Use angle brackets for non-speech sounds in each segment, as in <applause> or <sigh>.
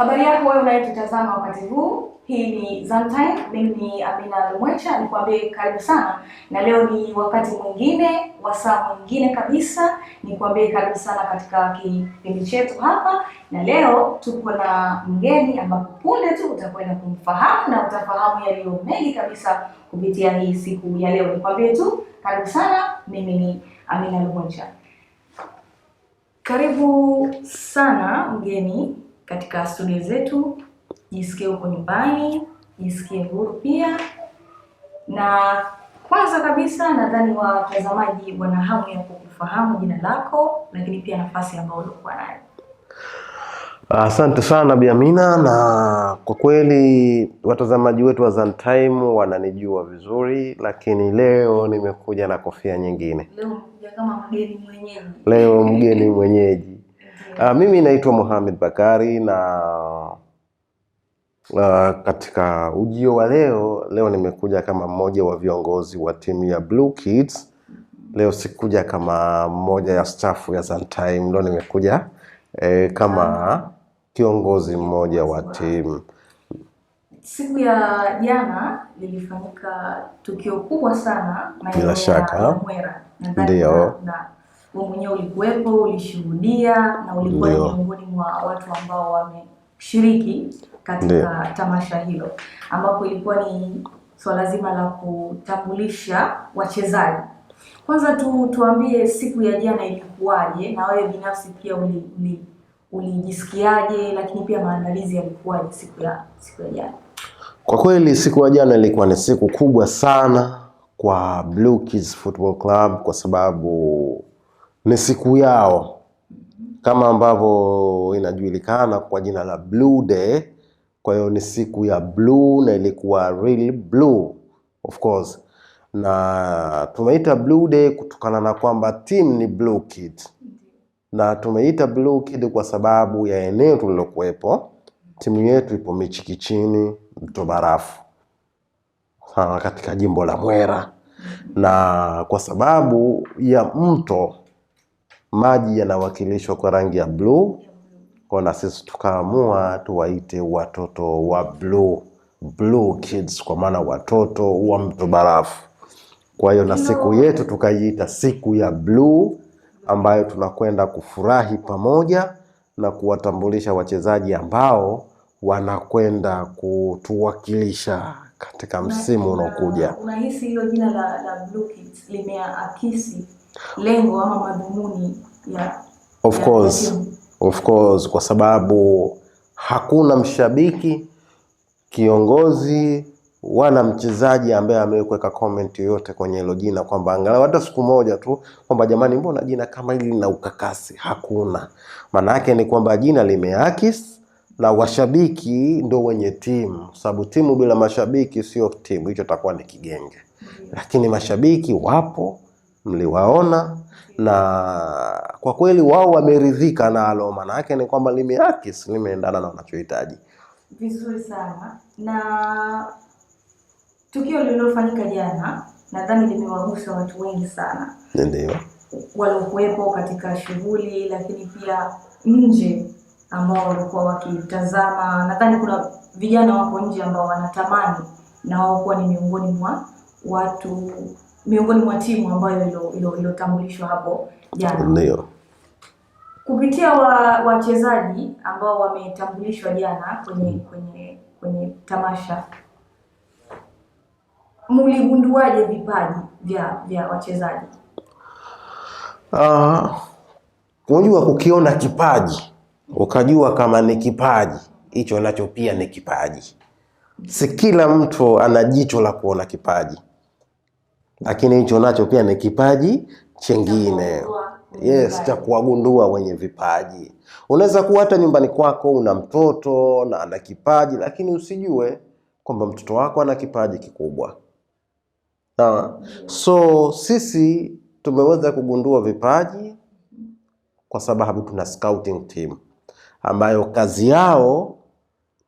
Habari yako wewe unayetutazama wakati huu, hii ni Zantime, mimi ni Amina Lumwecha, nikwambie karibu sana, na leo ni wakati mwingine wa saa mwingine kabisa, nikwambie karibu sana katika kipindi chetu hapa, na leo tuko na mgeni ambapo punde tu utakwenda kumfahamu na utafahamu yaliyo mengi kabisa kupitia hii siku ya leo. Nikwambie tu karibu sana, mimi ni Amina Lumwecha. Karibu sana mgeni katika studio zetu, jisikie huko nyumbani, jisikie huru pia. Na kwanza kabisa, nadhani watazamaji wana hamu ya kukufahamu jina lako, lakini pia nafasi ambayo ulikuwa nayo. Asante sana Bi Amina, na kwa kweli watazamaji wetu wa Zantime wananijua vizuri, lakini leo nimekuja na kofia nyingine. Leo mgeni mwenyeji, leo <laughs> mgeni mwenyeji Uh, mimi naitwa Mohamed Bakari na uh, katika ujio wa leo leo nimekuja kama mmoja wa viongozi wa timu ya Blue Kids. Leo sikuja kama mmoja ya stafu ya Zantime, leo nimekuja eh, kama kiongozi mmoja wa timu. Siku ya jana lilifanyika tukio kubwa sana bila shaka, ndio wewe mwenyewe ulikuwepo, ulishuhudia na ulikuwa miongoni mwa watu ambao wameshiriki katika Ndiyo. tamasha hilo ambapo ilikuwa ni swala zima la kutambulisha wachezaji. Kwanza tu tuambie siku ya jana ilikuwaje, na wewe binafsi pia ulijisikiaje uli, uli lakini pia maandalizi yalikuwaje siku ya siku ya jana? Kwa kweli siku ya jana ilikuwa ni siku kubwa sana kwa Blue Kids Football Club kwa sababu ni siku yao kama ambavyo inajulikana kwa jina la Blue Day. Kwa hiyo ni siku ya blue na ilikuwa real blue of course, na tumeita Blue Day kutokana na kwamba team ni Blue Kid, na tumeita Blue Kid kwa sababu ya eneo tulilokuwepo. Timu yetu ipo Michikichini Mtobarafu sana katika jimbo la Mwera, na kwa sababu ya mto maji yanawakilishwa kwa rangi ya bluu, kwa na sisi tukaamua tuwaite watoto wa bluu, blue kids, kwa maana watoto wa mto barafu. Kwa hiyo na siku yetu tukaiita siku ya bluu, ambayo tunakwenda kufurahi pamoja na kuwatambulisha wachezaji ambao wanakwenda kutuwakilisha katika msimu unaokuja. Unahisi hilo jina la, la Blue Kids limeakisi lengo ama madhumuni ya of course, of course, kwa sababu hakuna mshabiki, kiongozi wala mchezaji ambaye ameweka comment yoyote kwenye hilo jina kwamba angalau hata siku moja tu kwamba jamani, mbona jina kama hili lina ukakasi? Hakuna. Maana yake ni kwamba jina limeakis na washabiki ndo wenye timu, sababu timu bila mashabiki sio timu, hicho takuwa ni kigenge, mm-hmm. lakini mashabiki wapo mliwaona na kwa kweli wao wameridhika nalo, maana yake ni kwamba limeakisi, limeendana na wanachohitaji vizuri sana. Na tukio lililofanyika jana nadhani limewagusa watu wengi sana, ndio waliokuwepo katika shughuli, lakini pia nje ambao walikuwa wakitazama. Nadhani kuna vijana wako nje ambao wanatamani na wao kuwa ni miongoni mwa watu miongoni mwa timu ambayo iliyotambulishwa hapo jana. Ndio. Kupitia wachezaji wa ambao wametambulishwa jana kwenye kwenye kwenye tamasha, muligunduaje vipaji vya vya wachezaji? Uh, unajua kukiona kipaji ukajua kama ni kipaji hicho, nacho pia ni kipaji. Si kila mtu ana jicho la kuona kipaji lakini hicho nacho pia ni kipaji chengine yes, cha kuwagundua wenye vipaji. Unaweza kuwa hata nyumbani kwako una mtoto na ana kipaji, lakini usijue kwamba mtoto wako ana kipaji kikubwa. Na so sisi tumeweza kugundua vipaji kwa sababu tuna scouting team ambayo kazi yao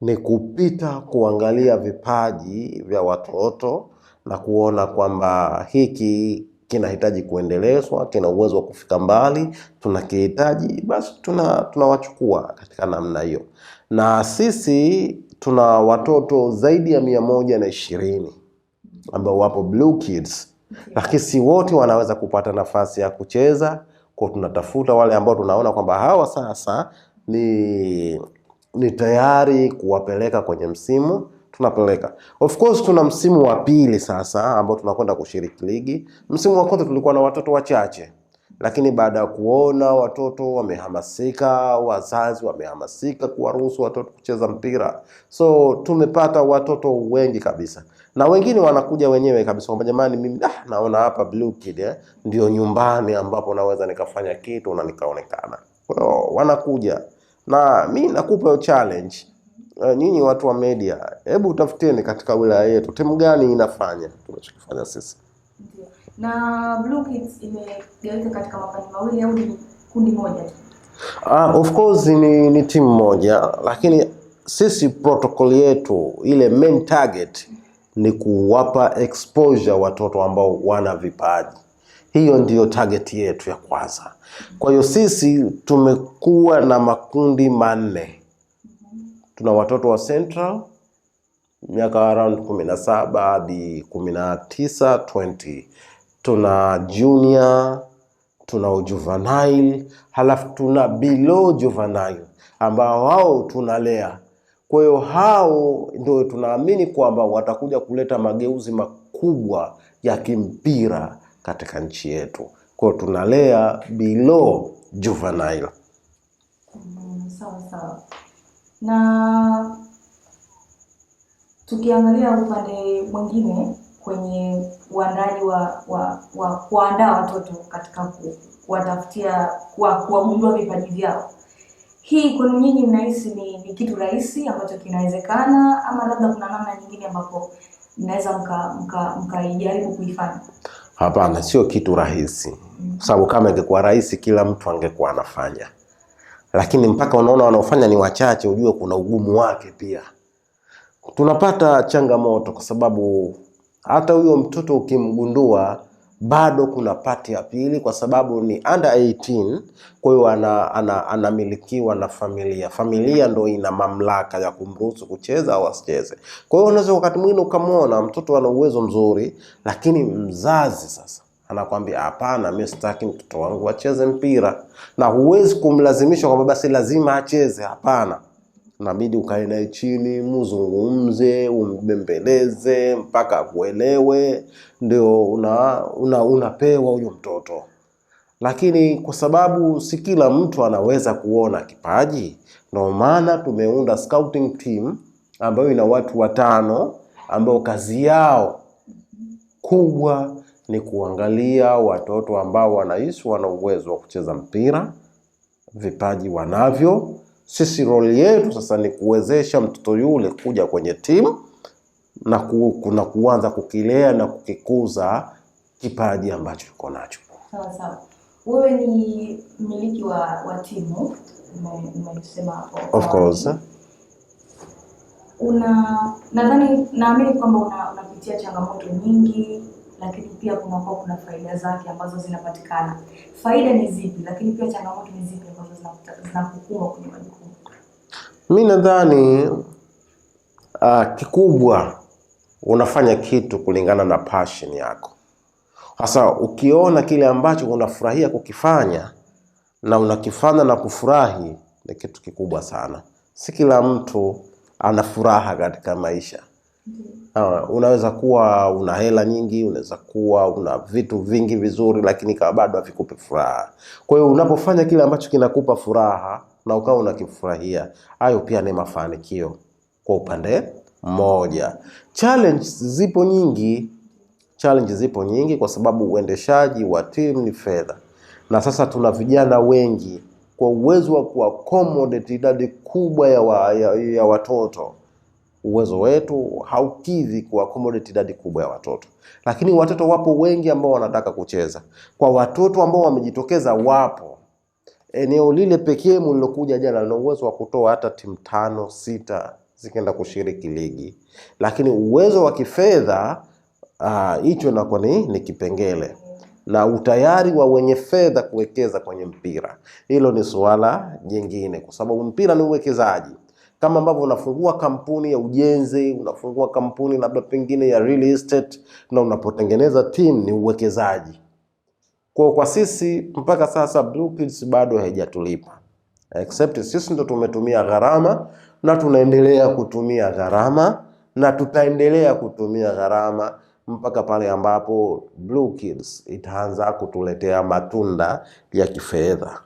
ni kupita kuangalia vipaji vya watoto na kuona kwamba hiki kinahitaji kuendelezwa, kina uwezo wa kufika mbali, tunakihitaji, basi tuna tunawachukua katika namna hiyo. Na sisi tuna watoto zaidi ya mia moja na ishirini ambao wapo Blue Kids, lakini si wote wanaweza kupata nafasi ya kucheza, kwa tunatafuta wale ambao tunaona kwamba hawa sasa ni ni tayari kuwapeleka kwenye msimu tunapeleka. Of course tuna msimu wa pili sasa ambao tunakwenda kushiriki ligi. Msimu wa kwanza tulikuwa na watoto wachache, lakini baada ya kuona watoto wamehamasika, wazazi wamehamasika kuwaruhusu watoto kucheza mpira, so tumepata watoto wengi kabisa, na wengine wanakuja wenyewe kabisa kwamba jamani, mimi ah, naona hapa Blue Kid eh, ndio nyumbani ambapo naweza nikafanya kitu na nikaonekana. Kwa wanakuja na mi nakupa challenge uh, nyinyi watu wa media, hebu utafuteni katika wilaya yetu timu gani inafanya tunachokifanya sisi. Na Blue Kids katika mawili au ni kundi moja ah, of course ni, ni timu moja lakini sisi protocol yetu ile main target ni kuwapa exposure watoto ambao wana vipaji. Hiyo ndiyo target yetu ya kwanza. Kwa hiyo sisi tumekuwa na makundi manne tuna watoto wa Central miaka around 17 hadi 19 20, tuna junior, tuna juvenile, halafu tuna below juvenile ambao wao tunalea. Kwa hiyo hao ndio tunaamini kwamba watakuja kuleta mageuzi makubwa ya kimpira katika nchi yetu. Kwa hiyo tunalea below juvenile. Mm, na tukiangalia upande mwingine kwenye uandaji wa wa wa kuandaa watoto katika kuwatafutia kuwagundua vipaji vyao, hii kwenu nyinyi mnahisi ni, ni kitu rahisi ambacho kinawezekana ama labda kuna namna nyingine ambapo mnaweza mkaijaribu mka, mka kuifanya? Hapana, sio kitu rahisi, mm. kwa sababu kama ingekuwa rahisi kila mtu angekuwa anafanya lakini mpaka unaona wanaofanya ni wachache, ujue kuna ugumu wake pia. Tunapata changamoto kwa sababu hata huyo mtoto ukimgundua bado kuna pati ya pili, kwa sababu ni under 18. Kwa hiyo ana, ana, anamilikiwa na familia. Familia ndo ina mamlaka ya kumruhusu kucheza au asicheze. Kwa hiyo unaweza wakati mwingine ukamwona mtoto ana uwezo mzuri, lakini mzazi sasa anakwambia hapana, mimi sitaki mtoto wangu acheze mpira, na huwezi kumlazimisha kwamba basi lazima acheze. Hapana, inabidi ukae naye chini, mzungumze, umbembeleze mpaka akuelewe, ndio una, una, unapewa huyo mtoto. Lakini kwa sababu si kila mtu anaweza kuona kipaji, ndio maana tumeunda scouting team ambayo ina watu watano ambao kazi yao kubwa ni kuangalia watoto ambao wanaishi wana uwezo wa kucheza mpira, vipaji wanavyo. Sisi roli yetu sasa ni kuwezesha mtoto yule kuja kwenye timu na, ku, kuanza kukilea na kukikuza kipaji ambacho yuko nacho. Sawa sawa. Wewe ni mmiliki wa, wa timu umesema hapo. Of course. Una nadhani naamini kwamba unapitia una changamoto nyingi lakini pia kunakuwa kuna faida zake ambazo zinapatikana. Faida ni zipi, lakini pia changamoto ni zipi ambazo zinakukumba kwenye majukumu? Mi nadhani uh, kikubwa unafanya kitu kulingana na passion yako. Sasa ukiona kile ambacho unafurahia kukifanya na unakifanya na kufurahi, ni kitu kikubwa sana. Si kila mtu ana furaha katika maisha. Mm-hmm. Uh, unaweza kuwa una hela nyingi, unaweza kuwa una vitu vingi vizuri, lakini kama bado havikupi furaha. Kwa hiyo unapofanya kile ambacho kinakupa furaha na ukawa unakifurahia, hayo pia ni mafanikio kwa upande mmoja. Challenge zipo nyingi, challenge zipo nyingi kwa sababu uendeshaji wa timu ni fedha, na sasa tuna vijana wengi kwa uwezo wa kuaccommodate idadi kubwa ya, wa, ya, ya watoto uwezo wetu haukidhi accommodate idadi kubwa ya watoto, lakini watoto wapo wengi ambao wanataka kucheza. Kwa watoto ambao wamejitokeza, wapo eneo lile pekee mlilokuja jana lina uwezo wa kutoa hata timu tano sita zikaenda kushiriki ligi, lakini uwezo wa kifedha ah, hicho uh, inakuwa ni, ni kipengele na utayari wa wenye fedha kuwekeza kwenye mpira, hilo ni suala jingine, kwa sababu mpira ni uwekezaji kama ambavyo unafungua kampuni ya ujenzi, unafungua kampuni labda pengine ya real estate, na unapotengeneza team ni uwekezaji. Kwa kwa sisi mpaka sasa Blue bado haijatulipa, except sisi ndo tumetumia gharama na tunaendelea kutumia gharama na tutaendelea kutumia gharama mpaka pale ambapo Blue Kids itaanza kutuletea matunda ya kifedha.